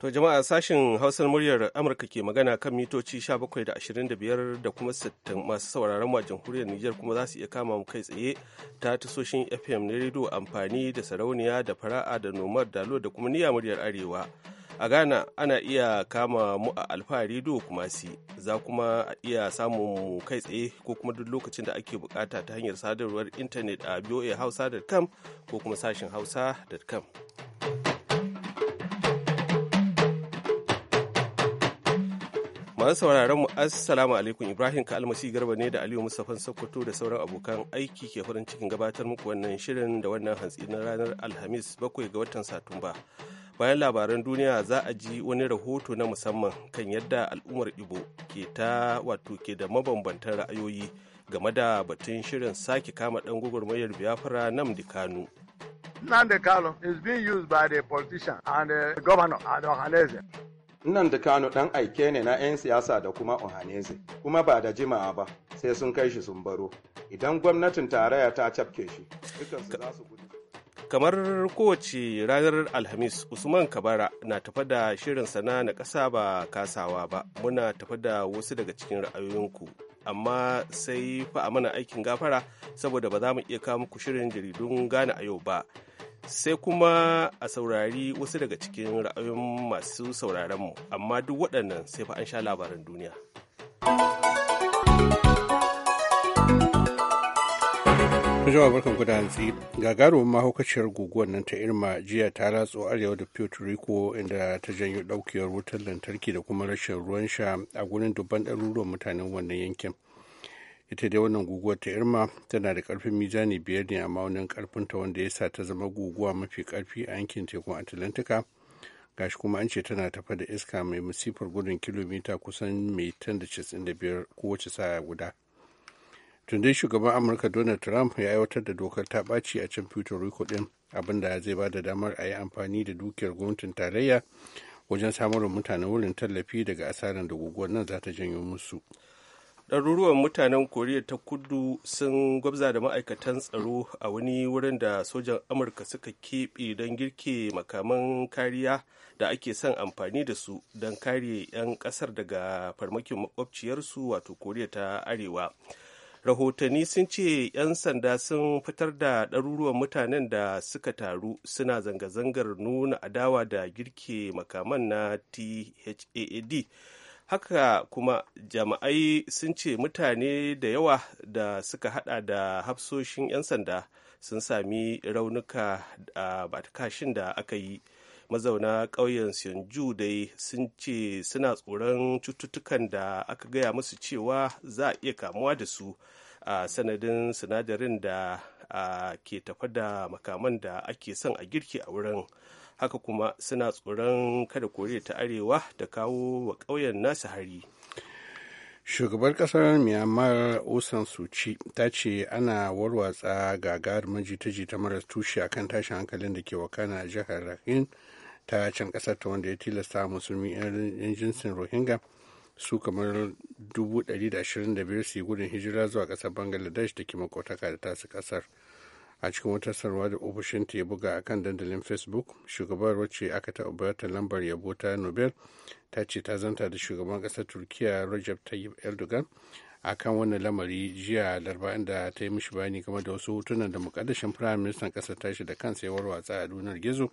To jama'a sashen Hausar muryar Amurka ke magana kan mitoci 17 da 25 da kuma 60 masu sauraron a jamhuriyar Nijar kuma za su iya kama mu kai tsaye ta tasoshin FM na rediyo amfani da sarauniya da fara'a da nomar dalo da kuma niyya muryar Arewa. A Ghana ana iya kama mu a Alfa rediyo kuma si za kuma a iya samun mu kai tsaye ko kuma duk lokacin da ake bukata ta hanyar sadarwar intanet a voahausa.com ko kuma sashen hausa.com. masu sauraron mu assalamu alaikum ibrahim ka almasi garba ne da aliyu mustapha sokoto da sauran abokan aiki ke farin cikin gabatar muku wannan shirin da wannan hantsi na ranar alhamis bakwai ga watan satumba bayan labaran duniya za a ji wani rahoto na musamman kan yadda al'ummar ibo ke ta wato ke da mabambantan ra'ayoyi game da batun shirin sake kama dan gwagwarmayar biafra namdi kanu Nnamdi Kano is being used by the politician and the governor Adon nan da Kano ɗan aike ne na 'yan siyasa da kuma Ohaneze, kuma ba da jima'a ba sai sun kai shi sun baro. Idan gwamnatin tarayya ta cafke shi, Kamar kowace ranar Alhamis, Usman Kabara na tafa da shirin sana na ƙasa ba kasawa ba, muna tafa da wasu daga cikin ra'ayoyinku. Amma sai fa a mana aikin gafara saboda ba za mu iya kawo muku shirin jaridun gane a yau ba. sai kuma a saurari wasu daga cikin ra'ayoyin masu sauraronmu amma duk waɗannan sai fa an sha labaran duniya. jama'a barkan ku da hantsi gagarumin mahaukaciyar guguwar nan ta irma jiya ta ratso arewa da puerto rico inda ta janyo ɗaukiyar wutar lantarki da kuma rashin ruwan sha a gurin dubban ɗaruruwan mutanen wannan yankin ita dai wannan guguwar ta irma tana da karfin mijani biyar ne a maunin karfinta wanda ya sa ta zama guguwa mafi karfi a yankin tekun atlantika gashi kuma an ce tana tafa da iska mai masifar gudun kilomita kusan mai tan da kowace sa'a guda tun dai shugaban amurka donald trump ya aiwatar da dokar ta ɓaci a can puerto rico din abinda zai ba da damar a yi amfani da dukiyar gwamnatin tarayya wajen samarwa mutanen wurin tallafi daga asarar da guguwar nan za ta janyo musu ɗaruruwan mutanen koriya ta kudu sun gwabza da ma'aikatan tsaro a wani wurin da sojan amurka suka keɓe don girke makaman kariya da ake son amfani da su don kare 'yan ƙasar daga farmakin makwabciyarsu wato koriya ta arewa rahotanni sun ce 'yan sanda sun fitar da ɗaruruwan mutanen da suka taru suna zanga-zangar nuna adawa da girke makaman na thaad haka kuma jama'ai sun ce mutane da yawa da suka hada da hafsoshin 'yan sanda sun sami raunuka a batakashin da aka yi mazauna ƙauyen Sionju dai sun ce suna tsoron cututtukan da aka gaya musu cewa za a iya kamuwa da su a sanadin sinadarin da ke tafa da makaman da ake son a girki a wurin haka kuma suna tsoron kada koriya ta arewa ta kawo wa ƙauyen nasu hari shugabar kasar myanmar osan suci ta ce ana warwatsa gagarumin jita-jita maras tushe a kan tashin hankalin da ke wakana a jihar rahin ta can kasar ta wanda ya tilasta musulmi yan jinsin rohingya su kamar 125 su yi gudun hijira zuwa kasar bangladesh da ke makotaka da tasu kasar a cikin wata sarwa da ofishinta ya buga a kan dandalin facebook shugabar wacce aka taɓa bayar lambar yabo ta nobel ta ce ta zanta da shugaban ƙasar turkiya rajab tayyip erdogan a kan wannan lamari jiya laraba inda ta yi mishi bayani game da wasu hotunan da mukaddashin firayim ministan ƙasar tashi da kansa ya warwatsa a dunar gizo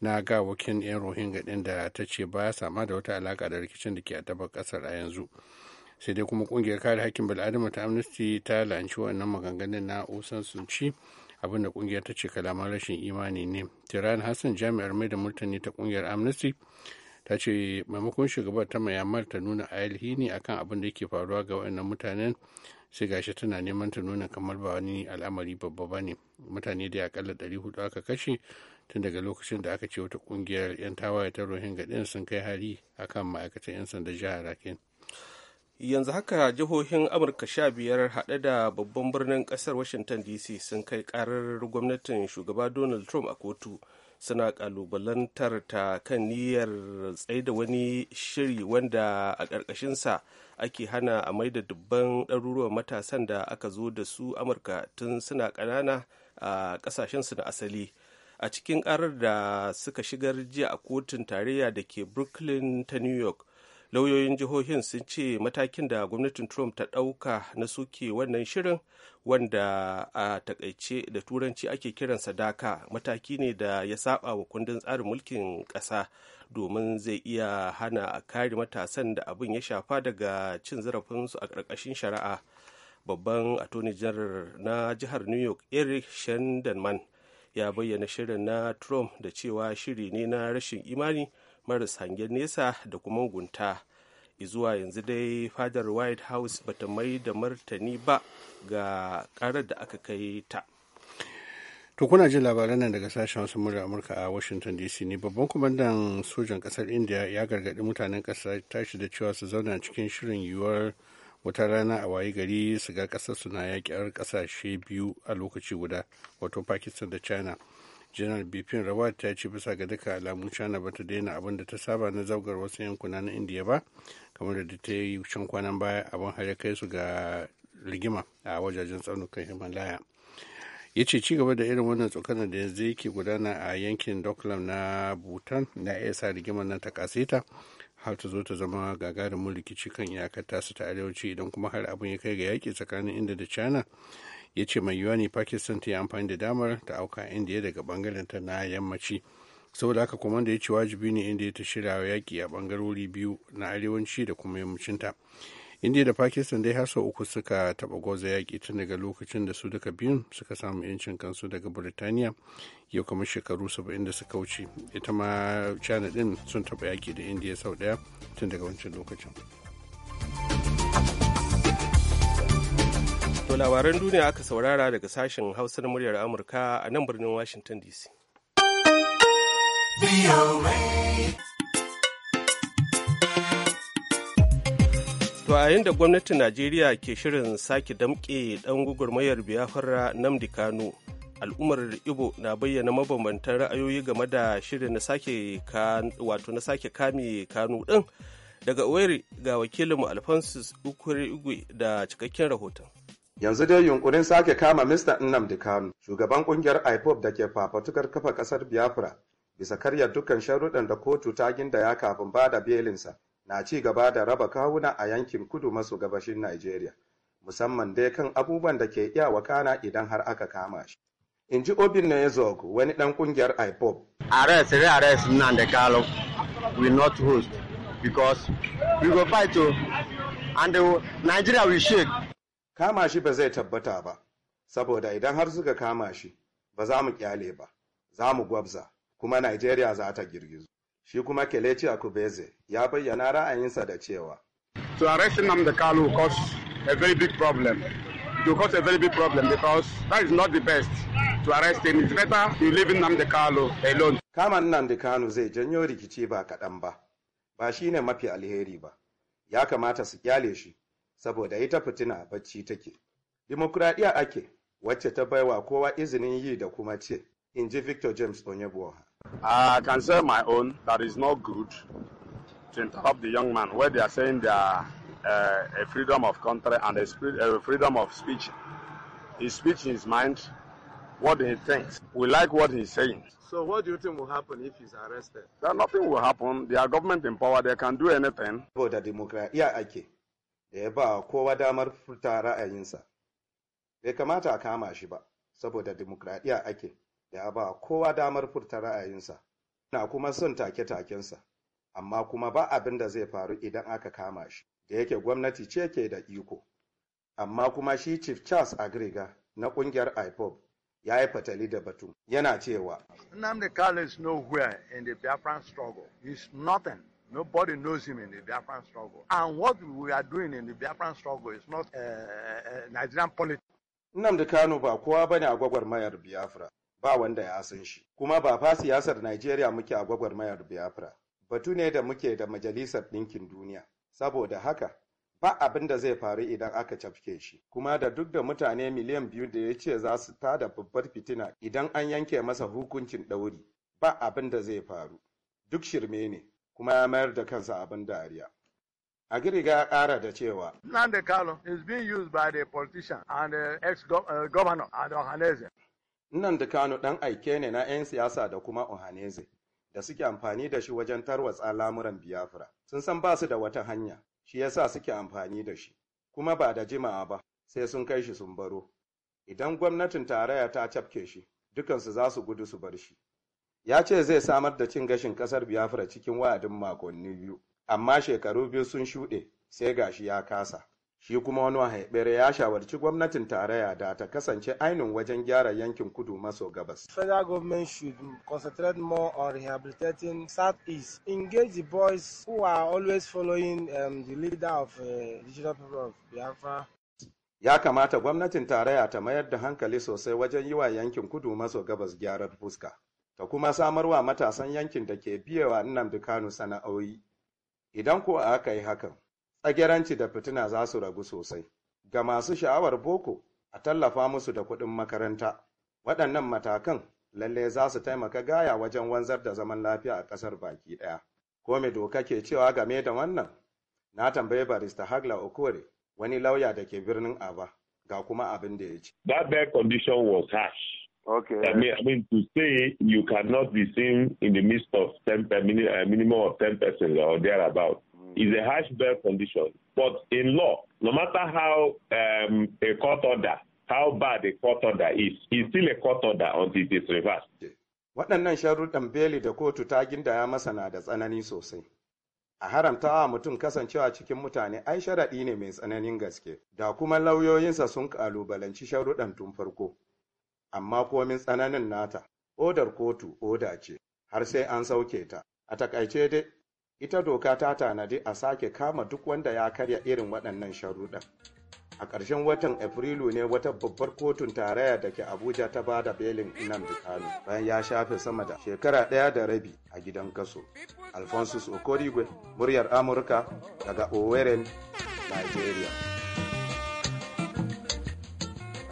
na gawakin 'yan rohingya ɗin da ta ce ba ya sama da wata alaƙa da rikicin da ke a tabar ƙasar a yanzu sai dai kuma ƙungiyar kare hakkin bil'adama ta amnesty ta lanci wannan maganganun na osan sunci abin da kungiyar ta ce kalaman rashin imani ne tiran hassan jami'ar mai da murtani ta kungiyar amnesty ta ce maimakon shugabar ta mayamar ta nuna a akan abin da yake faruwa ga waɗannan mutanen sai gashi tana neman ta nuna kamar ba wani al'amari babba ba ne mutane da akalla hudu aka kashe tun daga lokacin da aka ce wata kungiyar 'yan tawaye ta rohingya din sun kai hari akan ma'aikatan 'yan sanda jihar rakin yanzu haka jihohin amurka sha biyar haɗe da babban birnin ƙasar washington dc sun kai ƙarar gwamnatin shugaba donald trump a kotu suna ƙalubalantar ta kan niyyar tsaida wani shiri wanda a ƙarƙashinsa ake hana a mai da dubban ɗaruruwan matasan da aka zo da su amurka tun suna ƙanana a ƙasashensu na asali a cikin ƙarar da suka shigar jiya a kotun tarayya da ke brooklyn ta new york lauyoyin jihohin sun ce matakin da gwamnatin trump ta ɗauka na suke wannan shirin wanda a takaice da turanci ake kiran sadaka, mataki ne da ya saba wa kundin tsarin mulkin ƙasa domin zai iya hana a kare matasan da abin ya shafa daga cin zarafinsu a ƙarƙashin shari'a babban attorney na jihar new york eric shandenman ya bayyana shirin na trump da cewa shiri ne na rashin imani maras hangen nesa da kuma gunta zuwa yanzu dai fadar white house ba ta mai da martani ba ga karar da aka kai ta To kuna jin labaran nan daga sashen wasu murya Amurka a Washington DC ne babban kwamandan sojan kasar India ya gargaɗi mutanen ƙasar tashi da cewa su zauna cikin shirin yiwuwar wata rana a waye gari su ga ƙasar suna yaƙi ƙasashe biyu a lokaci guda wato Pakistan da China. janar bipin rawat ta ce bisa ga duka alamun china ba ta daina abin da ta saba na zaugar wasu yankuna na indiya ba kamar da ta yi can kwanan baya abin har ya kai su ga rigima a wajajen tsaunukan himalaya ya ce ci gaba da irin wannan tsokanar da yanzu yake gudana a yankin doklam na bhutan na iya sa rigimar na ta ta har ta zo ta zama gagarumin rikici kan iyakar tasu ta arewaci idan kuma har abin ya kai ga yaƙi tsakanin inda da china ya ce mai yiwuwa ne pakistan ta yi amfani da damar ta auka indiya daga bangaren ta na yammaci saboda haka kuma da ya ce wajibi ne indiya ta shirya yaƙi a bangarori biyu na arewanci da kuma yammacinta indiya da pakistan dai har sau uku suka taba gwaza yaƙi tun daga lokacin da su duka biyun suka samu yancin kansu daga burtaniya yau kama shekaru saba'in da suka wuce ita ma china din sun taba yaƙi da indiya sau ɗaya tun daga wancan lokacin To labaran duniya aka saurara daga sashen Hausa na muryar Amurka a nan birnin Washington DC. To a yayin da gwamnatin Najeriya ke shirin sake damƙe ɗan gugurmayar biyafara Namdi Kano, al'ummar Ibo na bayyana mabambantan ra'ayoyi game da shirin na sake wato na sake kame Kano ɗin daga wayar ga wakilinmu Alphonsus ukwere Igwe da cikakken rahoton. Yanzu dai yunkurin sake kama Mr. Nnamdi Kanu, shugaban kungiyar IPOP da ke fafatukar kafa kasar Biafra, bisa karyar dukkan sharuɗan da kotu ta ginda ya kafin ba da belinsa, na ci gaba da raba kawuna a yankin kudu maso gabashin Najeriya, musamman dai kan abubuwan da ke iya wakana idan har aka kama shi. In ji Obin Nezog, wani ɗan kungiyar IPOP. Arrest, re-arrest da kalo we not host because we go fight to oh. and the oh, Nigeria will shake. kama shi ba zai tabbata ba saboda idan har suka kama shi ba za mu kyale ba za mu gwabza kuma Najeriya za ta girgizu shi kuma Kelechi Akubeze ya bayyana ra'ayinsa da cewa to arrest Kalu cause a very big problem to cause a very big problem because that is not the best to arrest him it's better you leave Nnamdi Kalu alone kama da Kanu zai janyo rikici ba kaɗan ba ba shine mafi alheri ba ya kamata su kyale shi saboda ita fitina bacci take. Dimokuraɗiyya ake, wacce ta baiwa kowa izinin yi da kuma ce, in ji Victor James Onyebuoha. I can say my own that is not good to interrupt the young man where they are saying they are uh, a freedom of country and a, a freedom of speech. His speech in his mind, what he thinks. We like what he's saying. So what do you think will happen if he's arrested? That nothing will happen. They are government in power. They can do anything. Saboda yeah, ake, da ya ba kowa damar furta ra'ayinsa bai kamata a kama shi ba saboda demokradiyya ake da ya ba kowa damar furta ra'ayinsa na kuma son take-takensa amma kuma ba abin da zai faru idan aka kama shi da yake gwamnati ce ke da iko amma kuma shi chief charles agriga na kungiyar ipob ya yi fatali da batun yana cewa Nnamdi Kalu nowhere in the Biafran struggle. nothing. Nobody knows him in the Biafran struggle. And what we are doing in the Biafran struggle is not uh, Nigerian politics. Nnamdi Kano ba kowa ba ne a gwagwarmayar Biafra, ba wanda ya san shi. Kuma ba fa siyasar Najeriya muke a gwagwarmayar Biafra. Batu ne da muke da Majalisar Ɗinkin Duniya. Saboda haka, ba abin da zai faru idan aka cafke shi. Kuma da duk da mutane miliyan biyu da ya ce za su tada babbar fitina idan an yanke masa hukuncin ɗauri, ba abin da zai faru. Duk shirme ne. kuma ya mayar da kansa abin dariya. A giriga ya ƙara da cewa. Nnamdi kalo is being used by the politician and the ex-governor uh, and Ohaneze. Nnamdi Kano ɗan aike ne na 'yan siyasa da kuma Ohaneze da suke amfani da shi wajen tarwatsa lamuran Biafra. Sun san ba su da wata hanya, shi yasa suke amfani da shi. Kuma ba da jima'a ba, sai sun kai shi sun baro. Idan gwamnatin tarayya ta cafke shi, dukansu za su gudu su bar shi. ya ce zai samar da cin gashin kasar biafra cikin wa'adin makonni biyu amma shekaru biyu sun shuɗe sai gashi ya kasa shi kuma wani haibere ya shawarci gwamnatin tarayya da ta kasance ainihin wajen gyara yankin kudu maso gabas. Federal government should concentrate more on rehabilitating east engage the boys who are always following um, the leader of uh, regional people of Biafra. Ya kamata gwamnatin tarayya ta mayar da hankali sosai wajen yi wa yankin kudu maso gabas gyarar fuska. ta kuma samarwa matasan yankin da ke biyewa nan Kano sana'o'i. Idan ko aka yi hakan, tsagiranci da fitina za su ragu sosai. Ga masu sha'awar boko, a tallafa musu da kuɗin makaranta. Waɗannan matakan lalle za su taimaka gaya wajen wanzar da zaman lafiya a ƙasar baki ɗaya. Ko me doka ke cewa game da wannan? Na tambayi barista Hagla Okore, wani lauya da ke birnin Aba, ga kuma abin da ya ce. That condition was harsh. Okay. I mean, I mean to say you cannot be seen in the midst of 10, per a uh, minimum of 10 persons or thereabout mm. is a harsh bail condition. But in law, no matter how um, a court order, how bad a court order is, it's still a court order until it is reversed. Waɗannan sharuɗan beli da kotu ta gindaya masa na da tsanani sosai. a haramta wa mutum kasancewa cikin mutane ai sharaɗi ne mai tsananin gaske da kuma lauyoyinsa sun ƙalubalanci sharuɗan tun farko amma komin tsananin nata odar kotu oda ce har sai an sauke ta a takaice dai ita doka ta tanadi a sake kama duk wanda ya karya irin waɗannan sharuɗan a ƙarshen watan afrilu ne wata babbar kotun tarayya da ke abuja ta ba da belin nnamdi kanu bayan ya shafe sama da shekara ɗaya da rabi a gidan kaso alphonsus okorigwe muryar amurka daga oweren nigeria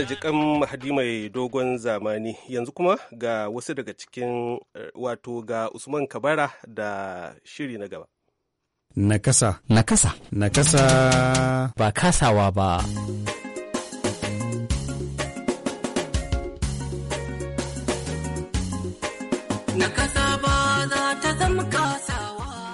Allah jikan mahadi mai dogon zamani yanzu kuma ga wasu daga cikin eh, wato ga Usman Kabara da shiri na gaba. Nakasa. Nakasa. Nakasa. Ba kasawa ba.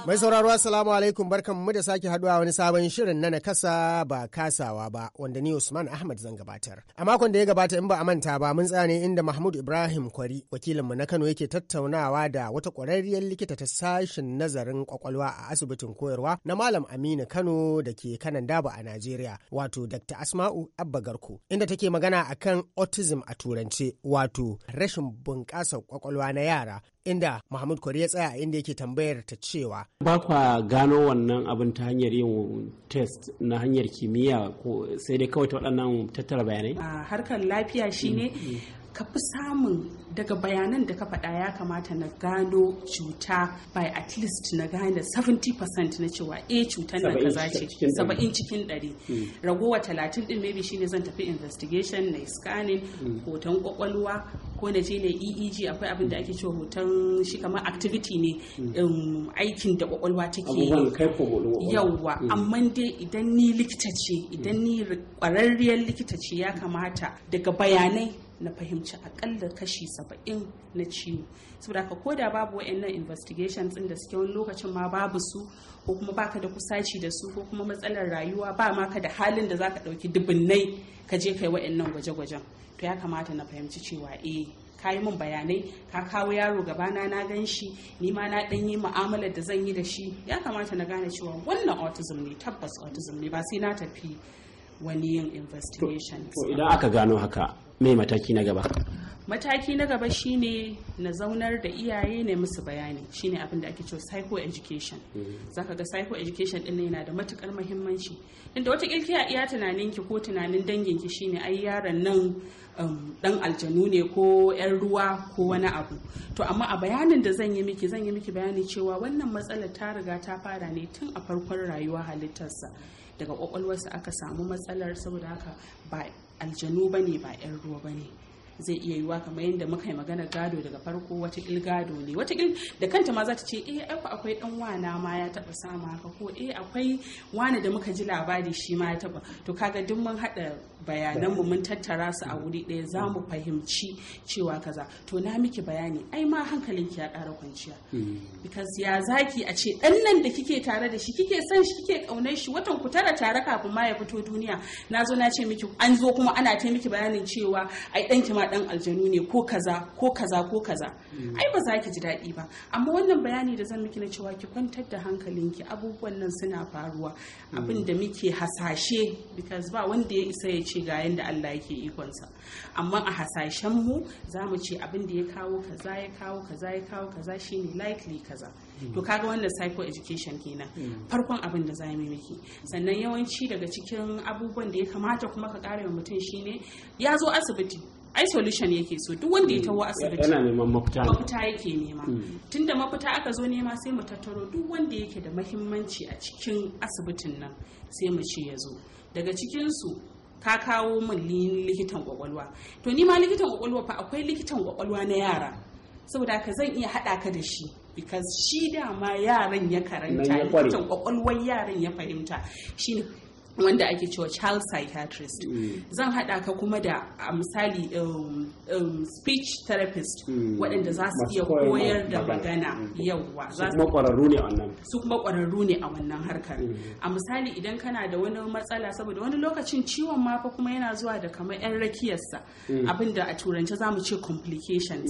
Mai sauraro Assalamu alaikum barkan mu da sake haduwa wani sabon shirin na nakasa ba kasawa ba wanda ni Usman Ahmad zan gabatar. A makon da ya gabata in ba a manta ba mun tsane inda Mahmud Ibrahim Kwari wakilinmu na Kano yake tattaunawa da wata ƙwararriyar likita ta sashen nazarin kwakwalwa a asibitin koyarwa na Malam Aminu Kano da ke kanan daba a Najeriya wato Dr. Asma'u Abba Garko inda take magana akan autism a turance wato rashin bunƙasa kwakwalwa na yara inda Muhammad Kwari ya tsaya inda yake tambayar ta cewa. Ba kwa gano wannan abin ta hanyar yin test na hanyar kimiyya ko sai dai kawai ta waɗannan tattara bayanai? A harkar lafiya shine mm, mm. ka fi samun daga bayanan da ka faɗa ya kamata na gano cuta by at least na gane 70% na cewa a eh, cutar da kaza ce 70 cikin 100 ragowa 30 din maybe shine zan tafi investigation na scanning hmm. hoton kwakwalwa ko na je na EEG akwai abin da ake cewa hoton shi kamar activity ne hmm. um, aikin da kwakwalwa take yawwa hmm. amma dai idan ni likita ce idan ni kwararriyar likita ce ya kamata daga bayanai na fahimci akalla kashi saba'in na ciwo saboda ka koda da babu wa'annan investigations din da suke wani lokacin ma babu su ko kuma baka da kusaci da su ko kuma matsalar rayuwa ba ma ka da halin da za ka ɗauki dubunnai ka je kai wa'annan gwaje-gwajen to ya kamata na fahimci cewa eh ka yi min bayanai ka kawo yaro gabana na gan shi ni ma na ɗanyi mu'amalar da zan yi da shi ya kamata na gane cewa wannan autism ne tabbas autism ne ba sai na tafi wani yin investigation to idan aka gano haka mai mataki na gaba mataki na gaba shine na zaunar da iyaye ne musu bayani shine abin da ake cewa psycho education mhm. zaka ga psycho ɗin din yana da matukar muhimmanci inda wata kilkiya iya tunanin ki ko tunanin dangin ki shine ai yaron nan dan um, aljanu ne ko yan ruwa ko wani abu to amma a bayanin da zan yi miki zan yi miki bayani cewa wannan matsalar ta riga ta fara ne tun a farkon rayuwa halittarsa daga kwakwalwarsa aka samu matsalar saboda haka ba aljanu ba ne ba 'yan ruwa ba ne zai iya yiwa kamar yadda muka yi magana gado daga farko wata gado ne wata da kanta ma za ta ce eh akwai dan wana ma ya taba sama haka ko eh akwai wani da muka ji labari shi ma ya taba to kaga duk mun hada bayanan mu mun tattara su a wuri ɗaya za mu fahimci cewa kaza to na miki bayani ai ma hankalin ki ya ƙara kwanciya mm. because ya zaki a ce ɗan nan da kike tare da shi kike san shi kike ƙaunar shi watan ku tara tare kafin ma ya fito duniya na zo na ce miki an zo kuma ana ta miki bayanin cewa ai ki ma ɗan aljanu ne ko kaza ko kaza ko kaza mm. ai ba za ki ji daɗi ba amma wannan bayani da zan miki na cewa ki kwantar da hankalin ki abubuwan nan suna faruwa mm. abin da muke hasashe because ba wanda ya isa ya ce ga yadda Allah yake ikonsa amma a hasashen mu za mu ce abin da ya kawo kaza ya kawo kaza ya kawo kaza shine likely kaza hmm. to kaga wannan psycho education kenan hmm. farkon abin da za mu miki sannan yawanci daga cikin abubuwan da ya kamata kuma ka kare mutum shine ya zo asibiti ai solution yake so duk wanda ya taho asibiti yana neman mafita mafita yake nema hmm. tunda mafita aka zo nema sai mu tattaro duk wanda yake da mahimmanci a cikin asibitin nan sai mu ce ya zo daga cikin su ka kawo min likitan kwakwalwa to ni ma likitan kwakwalwa fa akwai likitan kwakwalwa na yara saboda haka zan iya haɗa ka da shi because shi dama yaran ya karanta likitan kwakwalwar yaran ya fahimta shi wanda ake cewa child psychiatrist mm. zan haɗa ka kuma da a misali um, um, speech therapist mm. waɗanda za su iya koyar da magana mm. yauwa su kuma ƙwararru ne a wannan su kuma kwararru ne a wannan harkar mm. a misali idan kana da wani matsala saboda wani lokacin ciwon mafa kuma yana zuwa da kamar yan rakiyarsa mm. abinda a turance za mu ce complications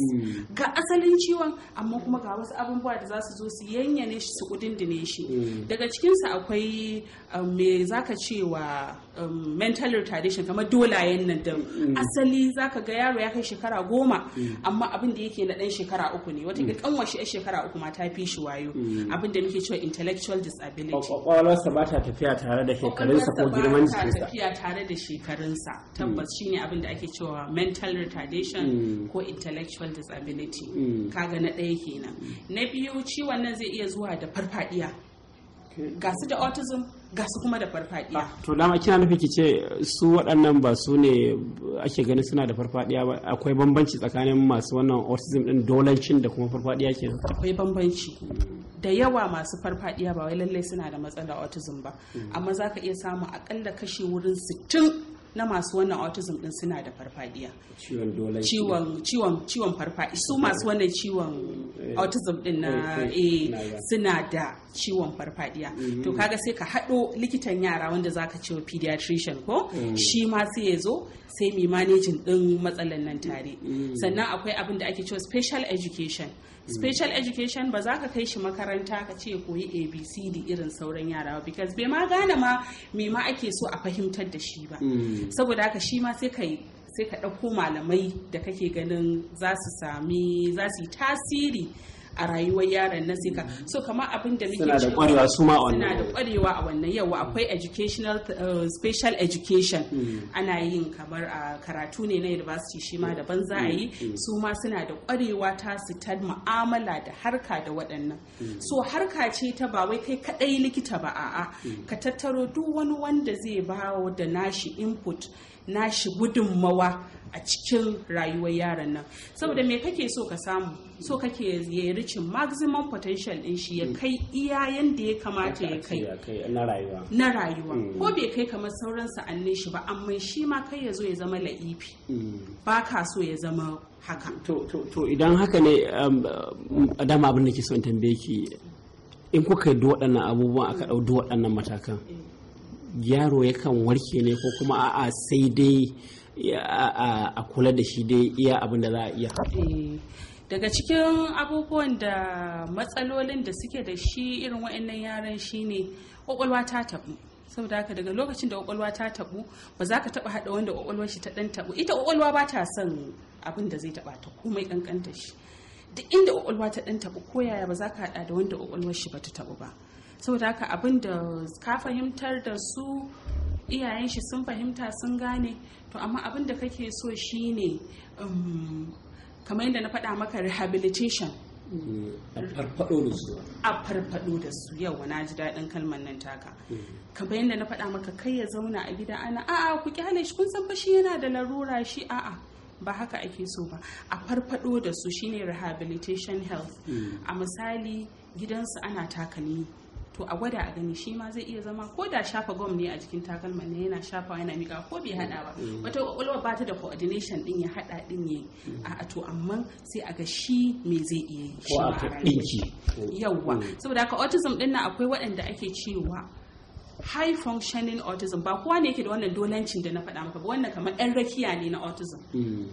ga asalin ciwon amma kuma ga wasu abubuwa da za su zo su yanyane shi su kudindine shi daga cikinsa akwai um, me zaka ce cewa um, mental retardation kamar dolayen nan da mm. asali za ka ga yaro ya kai shekara goma mm. amma abin da yake na dan shekara uku ne wata kanwar mm. shi shekara uku ma ta fi shi wayo abin da muke cewa intellectual disability kwakwalwarsa ba ta tafiya tare da shekarunsa ko girman jikinsa ba ta tafiya tare da shekarunsa tabbas shine abin da ake cewa mental retardation ko intellectual disability kaga na ɗaya kenan na biyu ciwon nan zai iya zuwa da farfadiya ga da autism ga su kuma da farfadiya ah, to dama kina nufi ki eh, su waɗannan ba su ne eh, ake ganin suna da farfadiya ba akwai bambanci tsakanin masu wannan autism din dolancin da kuma farfadiya ke. akwai bambanci da yawa masu farfadiya ba wai lallai suna da matsalar autism ba hmm. amma zaka iya samu akalla kashi wurin sittin. na masu wannan autism din suna da farfadiya ciwon ciwon farfadiya su masu wannan ciwon eh. autism din na eh, eh, suna da ciwon farfadiya mm-hmm. to kaga sai ka haɗo likitan yara wanda zaka ce pediatrician ko mm. shi ma sai ya zo sai mi managing din matsalan nan tare mm. sannan akwai abin da ake cewa special education special education ba za ka kai shi makaranta ka ce koyi abcd irin sauran yara ba because bai ma gane ma me ma ake so a fahimtar da shi ba mm. saboda haka shi ma sai ka sai ka ɗauko malamai da kake ganin za su sami za su yi tasiri a rayuwar yaran na zika so kama abin da muke suna da kwarewa da kwarewa a wannan yau akwai educational uh, special education mm. ana yin kamar a uh, karatu ne na university shi ma mm. daban za a yi mm. su ma suna da kwarewa ta su ta mu'amala da harka da waɗannan so harka ce ta ba wai kai kadai likita ba a'a ka tattaro duk wani wanda zai bawo da nashi input nashi gudunmawa a cikin rayuwar yaron nan saboda me kake so ka samu so kake ya ricin maximum potential din shi ya mm. kai iya yanda ya kamata ya kai na rayuwa mm. ko bai kai kamar sauran sa'annin shi ba amma shi ma kai ya zo ya zama la'ifi mm. ba ka so ya zama haka to idan haka ne um, uh, dama abin da ke son tambaye ki in kuka yi waɗannan abubuwan aka ɗau waɗannan matakan yaro yakan warke ne ko kuma a'a sai dai a kula da shi dai iya abin da za a iya eh, daga cikin abubuwan da matsalolin da suke da shi irin wa'annan yaran shine kwakwalwa ta tabu saboda haka daga lokacin da kwakwalwa ta tabu ba za ka taba hada wanda kwakwalwar shi ta dan tabu ita kwakwalwa ba ta son abin da zai taba ta komai kankanta shi duk inda kwakwalwa ta dan tabu ko yaya ba za ka hada da wanda kwakwalwar shi ba ta tabu ba saboda haka abin da ka fahimtar da su iyayen shi sun fahimta sun gane to amma abin da kake so shine um, kamar yadda na faɗa maka rehabilitation mm. a farfado da su yau na ji daɗin kalmar nan taka mm. kamar yadda na faɗa maka kai ya zauna a gida ana a'a ku kyale shi kun san shi yana da larura shi a'a ba haka ake so ba a farfado da su shine rehabilitation health mm. a misali gidansu ana takalmi to a gwada a gani shi ma zai iya zama ko da shafa gom ne a jikin takalma ne yana shafa yana mika ko bai hada ba mm. wata kwakwalwa ba ta da coordination din ya hada din ya mm. a to amma sai a ga shi me zai iya yi shi ma Yawwa mm. saboda haka autism din nan akwai waɗanda ake cewa high functioning autism ba kowa ne yake da wannan dolancin da na faɗa maka ba wannan kamar yan rakiya ne na autism hmm,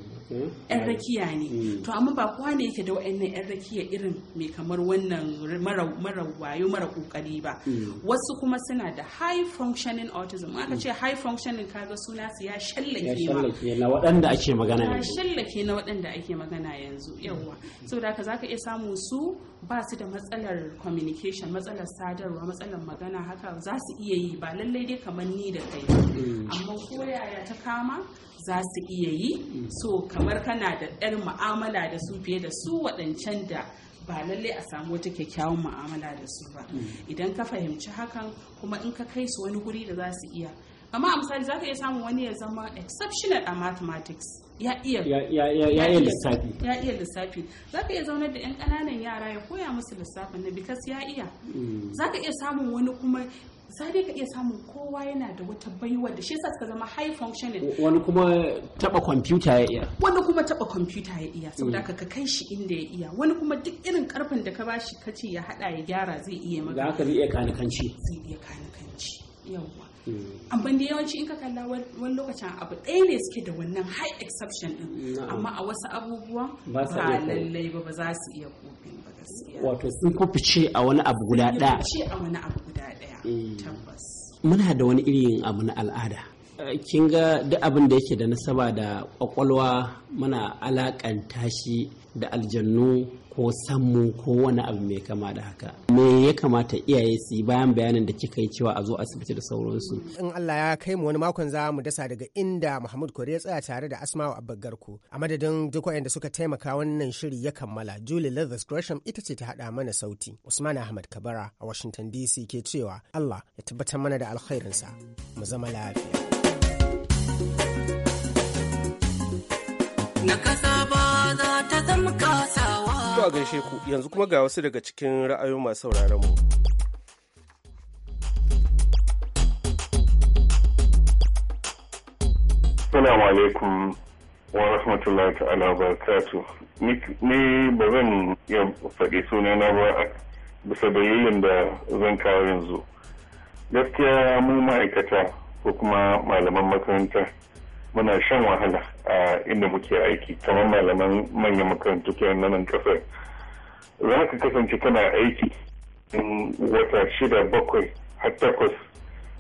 yan rakiya ne hmm. to amma ba kowa ne yake da wa'annan yan rakiya irin mai kamar wannan mara wayo mara kokari ba hmm. wasu kuma suna da high functioning autism aka ce high functioning kaga suna su ya shallake ma na waɗanda ake magana yanzu ya shallake na waɗanda ake magana yanzu yawwa saboda haka zaka iya samu su ba su da matsalar communication matsalar sadarwa matsalar magana haka za su iya yi ba lallai dai kamar ni da kai mm. amma yaya ta kama za su iya yi mm. so kamar kana da ɗan mu'amala da su fiye da su waɗancan da ba lallai a samu wata kyakkyawan mu'amala da su ba mm. idan ka fahimci hakan kuma in ka kai su wani guri da za su iya amma a misali za ka iya samun wani ya zama exceptional a mathematics ya iya lissafi ya iya lissafi za ka iya zaunar da yan ƙananan yara ya koya musu lissafin na bikas ya iya mm. za ka iya samun wani kuma za ka iya samun kowa yana da wata baiwa da shi suka zama high functioning wani kuma taba kwamfuta ya iya wani kuma taba kwamfuta ya iya saboda mm. ka ka kai shi inda ya iya wani kuma duk irin karfin da ka bashi kace ya hada ya gyara zai iya maka da ka iya kanikanci zai iya kanikanci yawwa Mm. amma da yawanci in ka kalla wani lokacin abu ɗaya ne suke da wannan high exception din amma a wasu abubuwan ba lallai ba ba za su iya kofin ba gaskiya wato sun ce a wani abu guda ɗaya ce a wani abu guda ɗaya tabbas muna da wani irin abu na al'ada eh, kin ga duk abin da yake da nasaba da kwakwalwa muna alakanta shi da aljannu ko mu ko wani abu mai kama da haka me ya kamata iyaye su yi bayan bayanin da kika yi cewa a zo asibiti da sauransu in Allah ya kai mu wani makon za mu dasa daga inda Muhammad Kore ya tsaya tare da Asma'u Abbagarku a madadin duk waɗanda suka taimaka wannan shiri ya kammala Julie Leathers Gresham ita ce ta haɗa mana sauti Usman Ahmad Kabara a Washington DC ke cewa Allah ya tabbatar mana da alkhairinsa mu zama lafiya na kasa ba za ta zama kasa zuwa gaishe ku yanzu kuma ga wasu daga cikin ra'ayoyin masu sauraron mu. Assalamu alaikum wa rahmatullahi ta'ala wa barakatu. Ni ba zan iya faɗi sunana ba bisa dalilin da zan kawo yanzu. Gaskiya mu ma'aikata ko kuma malaman makaranta muna shan wahala a inda muke aiki kamar malaman manyan makarantu kenan nan kasar za ka kasance kana aiki in wata shida bakwai har takwas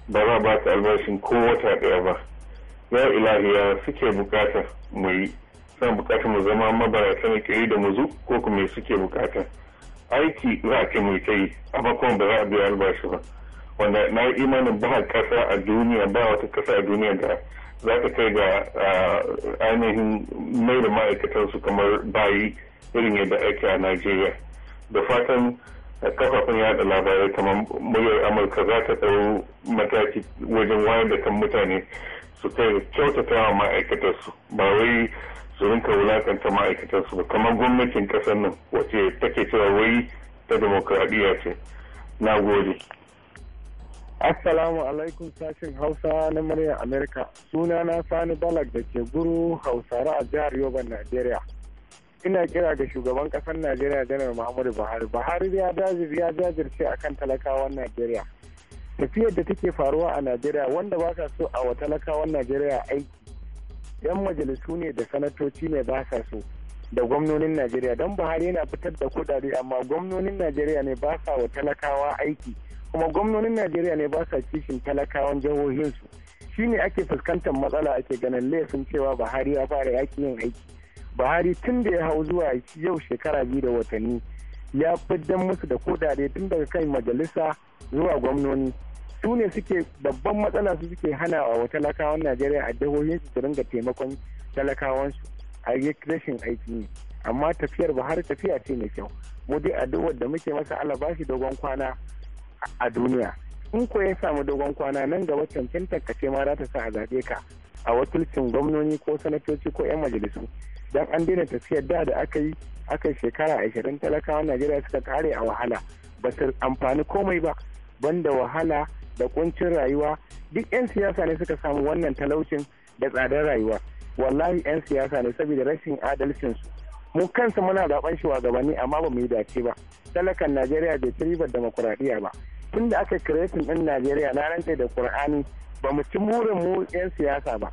ba za ba ka albashin ko wata ɗaya ba ya ilahiya suke bukata mu yi suna bukata mu zama mabarata na kiri da muzu ko kuma suke bukata aiki za a kai mu kai a bakwai ba za a biya albashi ba wanda na yi imanin ba kasa a duniya ba wata kasa a duniya da za ta kai ga ainihin mai da su kamar bayi irin yadda ake a najeriya da fatan kafafen yada labarai kamar muryar amurka za ta tsaro mataki wajen wayar da kan mutane su kai kyautata wa maaikatan su ba wai su rinka wulakanta su ba kamar gwamnatin kasar nan wace take cewa wai ta demokradiyya ce na gode Assalamu alaikum sashen Hausa na muryar Amerika. Suna na Sani balag da ke guru Hausare a jihar Yoban, Najeriya. Ina kira ga shugaban ƙasar Najeriya Janar Muhammadu Buhari. Buhari ya jajirce ya jajirce akan talakawan Najeriya. Tafiyar da take faruwa a Najeriya wanda ba ka so a wa talakawan Najeriya aiki. Yan majalisu ne da sanatoci ne ba sa so da gwamnonin Najeriya don Buhari yana fitar da kudade amma gwamnonin Najeriya ne ba sa wa talakawa aiki. kuma gwamnonin najeriya ne ba sa kishin talakawan jihohinsu shine ake fuskantar matsala ake ganin laifin cewa buhari ya fara yakin yin aiki buhari tun da ya hau zuwa yau shekara biyu da watanni ya fiddan musu da kudade tun daga kan majalisa zuwa gwamnoni su ne suke babban matsala su suke hana wa talakawan najeriya a jihohinsu su ringa taimakon talakawansu a rashin aiki ne amma tafiyar buhari tafiya ce mai kyau mu dai addu'ar da muke masa ba shi dogon kwana a duniya in ko ya samu dogon kwana nan gaba cancin takace ce ma za ta sa a zaɓe ka a wakilcin gwamnoni ko sanatoci ko 'yan majalisu don an daina tafiyar da da aka yi aka shekara ashirin talakawa najeriya suka kare a wahala ba ta amfani komai ba banda wahala da kuncin rayuwa duk 'yan siyasa ne suka samu wannan talaucin da tsadar rayuwa wallahi 'yan siyasa ne saboda rashin adalcinsu mu kansa muna zaben shugabanni amma ba mu yi dace ba talakan najeriya bai ci ribar demokuraɗiyya ba tun da aka kiretin ɗin najeriya na rantse da kur'ani ba mu ci murin mu 'yan siyasa ba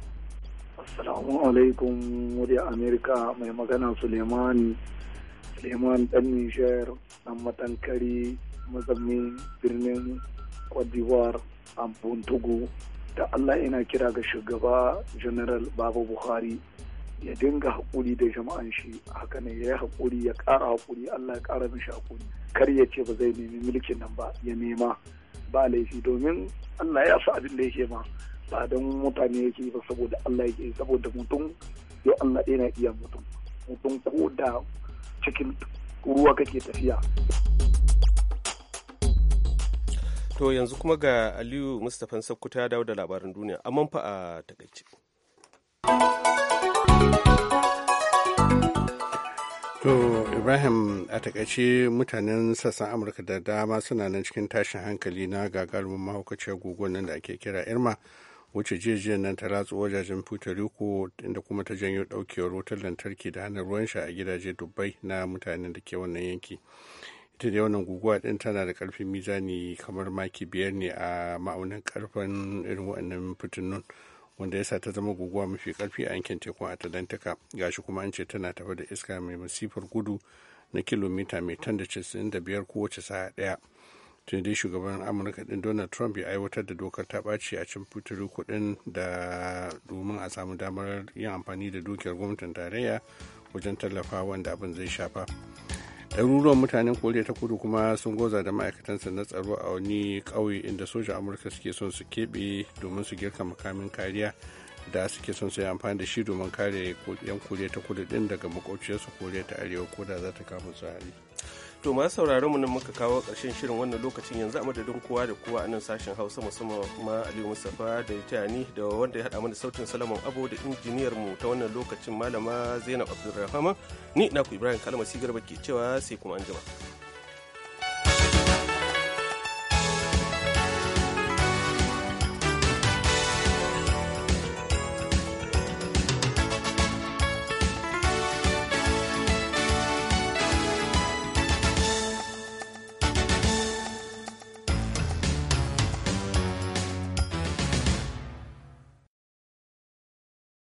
assalamu alaikum murya amerika mai magana Suleimani Suleimani ɗan nishiyar ɗan matankari mazaunin birnin kwadiwar a buntugu da allah ina kira ga shugaba general babu buhari ya dinga haƙuri da jama'an shi haka ne ya yi haƙuri ya ƙara haƙuri Allah ya ƙara mishi haƙuri kar ya ce ba zai nemi mulkin nan ba ya nema ba laifi domin Allah ya sa abin da yake ma ba don mutane yake ba saboda Allah yake saboda mutum yau Allah ɗaya na iya mutum mutum ko da cikin ruwa kake tafiya. To yanzu kuma ga Aliyu Mustapha Sakkuta dawo da labaran duniya amma fa a takaice. To Ibrahim a takaice mutanen sassan Amurka da dama suna nan cikin tashin hankali na gagarumin mahaukaciyar guguwar nan da ake kira Irma wuce jejiyar nan ta ratsu wajajen Puerto Rico inda kuma ta janyo daukewar wutar lantarki da hannun ruwan sha a gidaje dubbai na mutanen da ke wannan yanki. Ita da wannan guguwa din tana da karfin mizani kamar maki biyar ne a ma'aunin karfin irin waɗannan fitinun. wanda ya sa ta zama guguwa mafi karfi a yankin tekun atlantika gashi kuma an ce tana tafa da iska mai masifar gudu na kilomita mai tan da da biyar kowace sa'a daya tun dai shugaban amurka din donald trump ya aiwatar da dokar ta ɓaci a cin fitiri kuɗin da domin a samu damar yin amfani da dukiyar gwamnatin tarayya wajen tallafa wanda abin zai shafa ɗaruruwan mutanen koriya ta kudu kuma sun goza da ma'aikatansa na tsaro a wani ƙauye inda sojan amurka suke son su keɓe domin su girka makamin kariya da suke son su yi amfani da shi domin kare yan koriya ta kudu ɗin daga makwabciyarsu koriya ta arewa ko da za ta kama su hari to masu sauraron mu nan muka kawo ƙarshen shirin wannan lokacin yanzu a madadin kowa da kowa a nan sashen hausa musamman ma aliyu mustafa da tani da wanda ya haɗa mana sautin salaman abu da injiniyar mu ta wannan lokacin malama zainab abdulrahman ni ku ibrahim kalmasi garba ke cewa sai kuma anjima.